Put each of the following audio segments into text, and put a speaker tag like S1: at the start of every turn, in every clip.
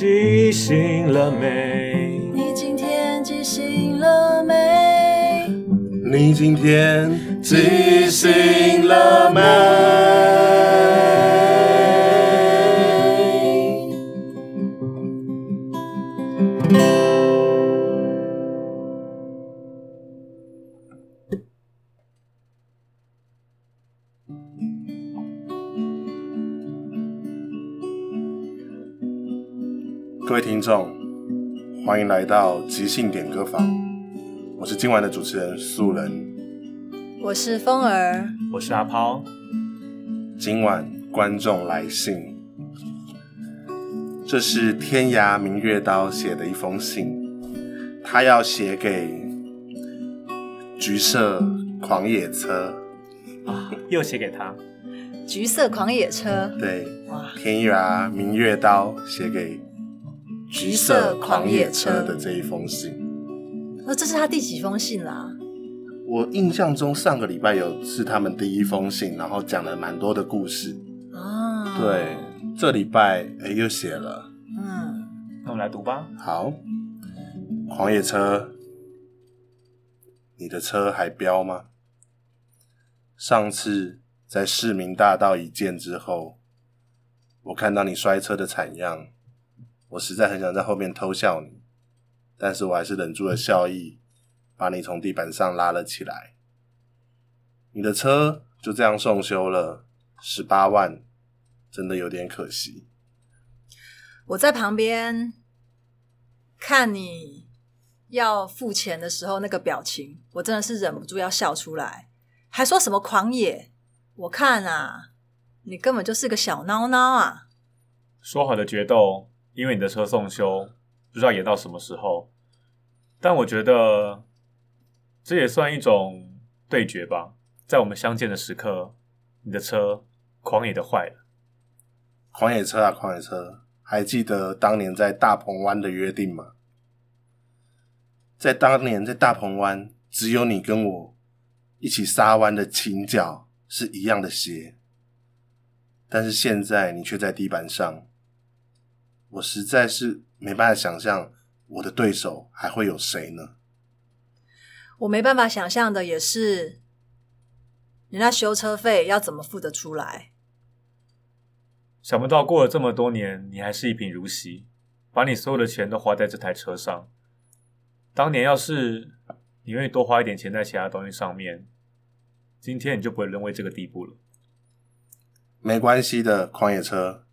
S1: 即興了沒？
S2: 你今天即興了沒？
S3: 你今天即
S2: 興了
S1: 沒？
S3: 各位聽眾，歡迎來到即興點歌房。我是今晚的主持人素人，
S2: 我是楓兒，
S3: 我是阿拋。今晚觀眾來信，這是天涯明月刀寫的一封信，他要寫給橘色狂野車啊，又寫給他
S2: 橘色狂野車，
S3: 對哇，天涯明月刀寫給。橘色狂野車的這一封信，
S2: 那這是他第幾封信啦？
S3: 我印象中上個禮拜有是他們第一封信，然後講了蠻多的故事啊。對，這禮拜，誒，又寫了，嗯，那我們來讀吧。好，狂野車，你的車還飆嗎？上次在市民大道一見之後，我看到你摔車的慘樣。我實在很想在後面偷笑你，但是我還是忍住了笑意，把你從地板上拉了起來。你的車就這樣送修了，十八萬，真的有點可惜。我
S2: 在旁邊看你要付錢的時候那個表情，我真的是忍不住要笑出來，還說什麼狂野？我看啊，你根本就是個小孬孬啊！
S1: 說好的決鬥。因為你的車送修，不知道延到什麼時候。但我覺得這也算一種對決吧。在我們相見的時刻，你的車狂野的壞了。
S3: 狂野車啊，狂野車！還記得當年在大鵬灣的約定嗎？在當年在大鵬灣，只有你跟我一起殺彎的傾角是一樣的斜。但是現在你卻在地板上。我實在是沒辦法想象我的對手還會有誰呢？
S2: 我沒辦法想象的也是，你那修車費要怎麼付得出來？
S1: 想不到過了這麼多年，你還是一貧如洗，把你所有的錢都花在這台車上。當年要是你願意多花一點錢在其他東西上面，今天你就不會淪為這個地步了。
S3: 沒關係的，狂野車。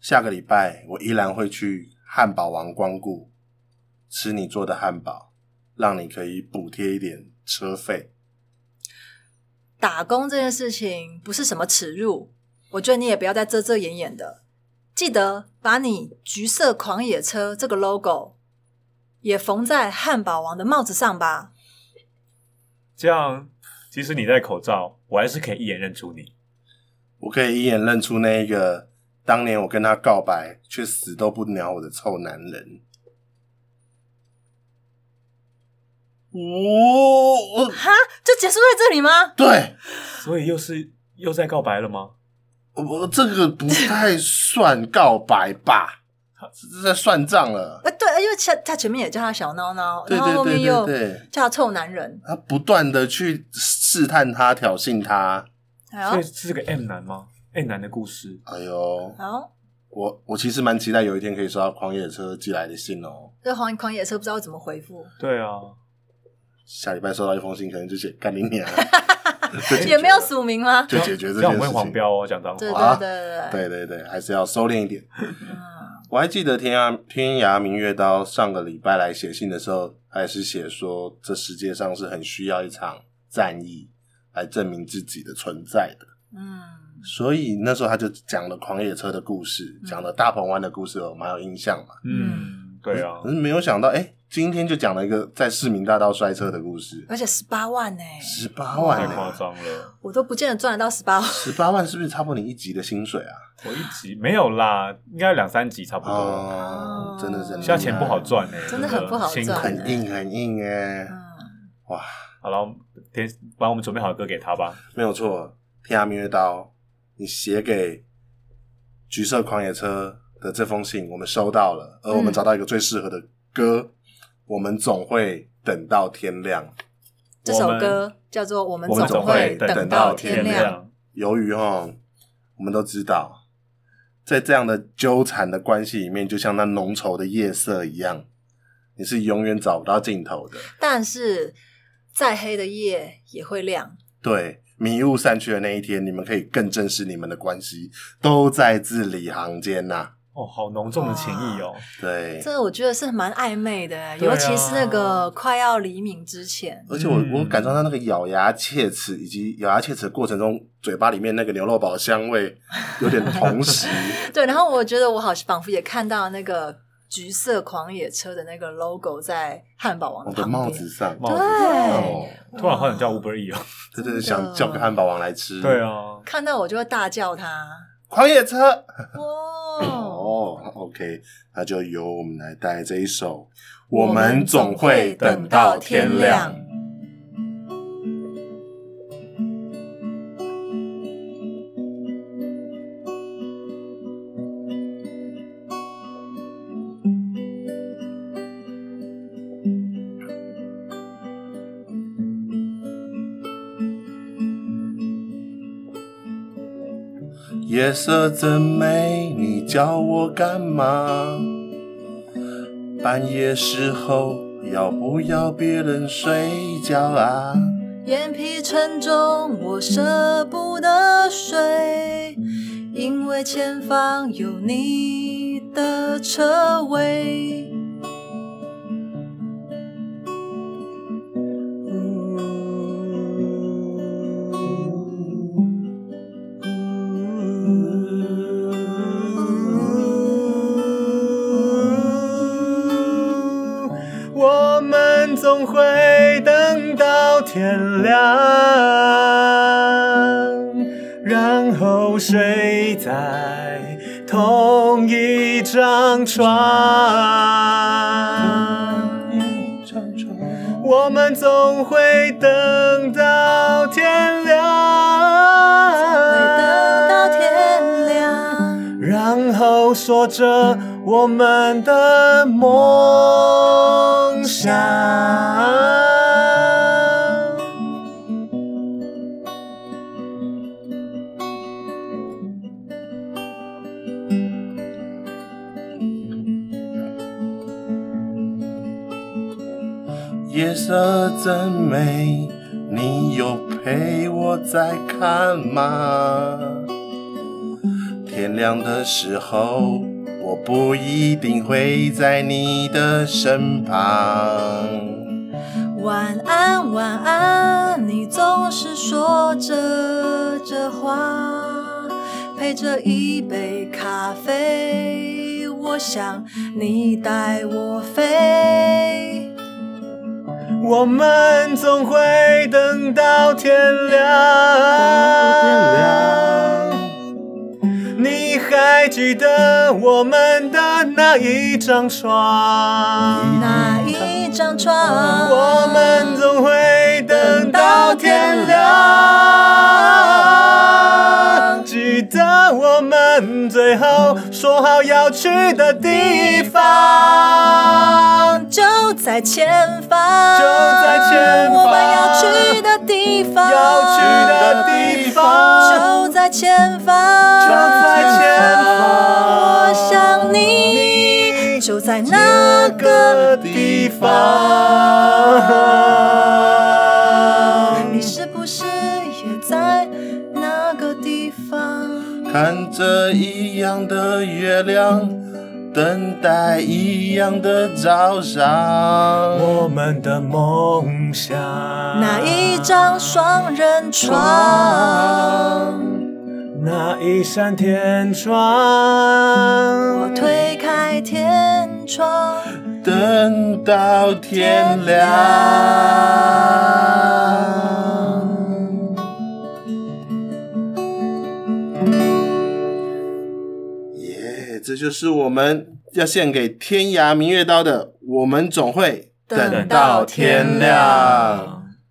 S3: 下個禮拜我依然會去漢堡王光顧，吃你做的漢堡，讓你可以補貼一點車費。
S2: 打工這件事情不是什麼恥辱，我覺得你也不要再遮遮掩掩的。記得把你“橘色狂野車”這個 logo 也縫在漢堡王的帽子上吧。
S1: 這樣，即使你戴口罩，我還是可以一眼認出你。
S3: 我可以一眼認出那一個。當年我跟他告白，卻死都不鳥我的臭男人。
S2: 哦，哈，就結束在這裡嗎？
S3: 對，所以又是又在告白了嗎？我、呃、這個不太算告白吧，他是在算賬了。哎、
S2: 欸，對，因為他前面也叫他小孬孬，對,對,對,對,對,對，然後後面又叫他臭男人，他
S3: 不斷的去試探他，挑釁他、
S2: 哎，所以是
S3: 個 M 男嗎？哎、欸，男的故事，哎呦，
S2: 好、oh.，
S3: 我我其實蠻期待有一天可以收到狂野車寄來的信哦。
S2: 對，狂狂野車不知道怎麼回復。
S3: 對啊，下禮拜收到一封信，可能就寫幹你娘 也
S2: 沒有署名嗎？就解決這件事情。不會黃
S3: 標哦，講髒話。對對對對、啊、對對對，還是要收斂一點。 我還記得天涯天涯明月刀上個禮拜來寫信的時候，還是寫說這世界上是很需要一場戰役來證明自己的存在的。
S1: 嗯。
S3: 所以那時候他就講了《狂野車》的故事，講、嗯、了大鵬灣的故事，我蠻有印象嘛。嗯，對啊。可是沒有想到，誒、欸、今天就講了一個在市民大道摔車的故事，
S2: 而且十八萬誒，
S3: 十八萬、啊，太誇張了！
S2: 我都不見得賺得到十八萬。
S3: 十八萬是不是差不多你一集的薪水啊？我一集沒有啦，應該有兩三集差不多、哦。真的是，現在錢不好賺誒、欸、真，真的很不好賺、欸，很硬很硬誒、欸嗯、哇，好了，天，把我們準備好的歌給他吧。沒有錯，《天涯明月刀》。你寫給《橘色狂野車》的這封信，我們收到了，而我們找到一個最適合的歌，嗯，我們總會等到天亮。這首歌
S2: 叫做《我們總會等到天亮》天
S3: 亮。由於哦，我們都知道，在這樣的糾纏的關係裡面，就像那濃稠的夜色一樣，你是永遠找不到盡頭的。
S2: 但是，再黑的夜也會亮。
S3: 對。迷霧散去的那一天，你們可以更正視你們的關係，都在字裡行間吶、啊。哦，好濃重的情誼哦。對，這
S2: 我覺得是蠻曖昧的、啊，尤其是那個快要黎明之前。而且我
S3: 我感受到那個咬牙切齒，以及咬牙切齒的過程中、嗯，嘴巴裡面那個牛肉堡的香味，有點同時。
S2: 對，然後我覺得我好像仿佛也看到那個。橘色狂野車的那個 logo 在漢堡王的，
S3: 的帽子上，對帽子上，哦，突然好想叫 Uber Eats、啊，真的是想叫個漢堡王來吃，對啊，
S2: 看到我就會大叫他狂野車，
S3: 哦， 哦，OK，那就由我們來帶來這一首，我們總會等到天亮。天亮夜色真美，你叫我幹嘛？半夜時候要不要別人睡覺啊？
S2: 眼皮沉重，我捨不得睡，因為前方有你的車位。
S1: 總會等到天亮，然後睡在同一張床。我們總會等到天亮。然後說着我們的夢想。
S3: 夜色真美，你有陪我在看嗎？天亮的時候，我不一定會在你的身旁。
S2: 晚安，晚安，你總是說着這話，陪着一杯咖啡，我想你帶我飛。我們總會等到天亮。
S1: 記得我們的那一張床，那一張床，我們總會等到天亮。記得我們最後說好要去的地方，就在前方，就在前方，我們要去的地方，要去的地
S2: 方，就在前方，就在前方。就在那個地方，這個地
S3: 方，
S2: 你是不是也在那個地方？
S3: 看着一樣的月亮，等待一樣的早上，我們的夢想，那一
S2: 張雙人床。
S1: 那一扇天窗，我
S2: 推開天窗，
S3: 等到天亮。耶，yeah, 這就是我們要獻給《天涯明月刀》的《我們總會等到天亮》。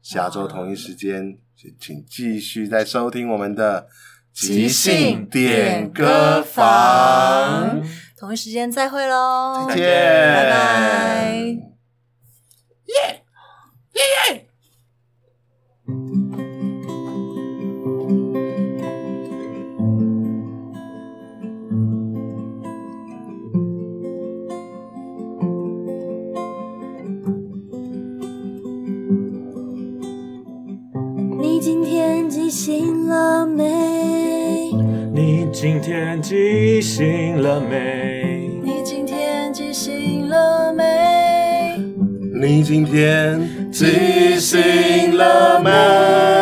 S3: 下周同一時間，請繼續再收聽我們的。
S2: 即興點歌房，同一時間再會嘍！再見，拜拜。耶耶耶！
S1: 了，
S3: 你
S2: 今天即興
S3: 了沒？你今天即興了沒？